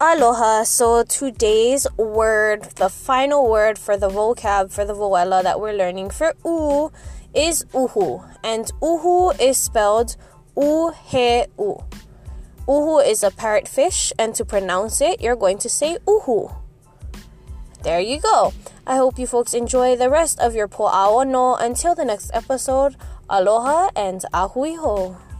Aloha. So today's word, the final word for the vocab for the voella that we're learning for u is uhu. And uhu is spelled u he u. Uhu is a parrot fish, and to pronounce it, you're going to say uhu. There you go. I hope you folks enjoy the rest of your no. Until the next episode, aloha and ahui ho.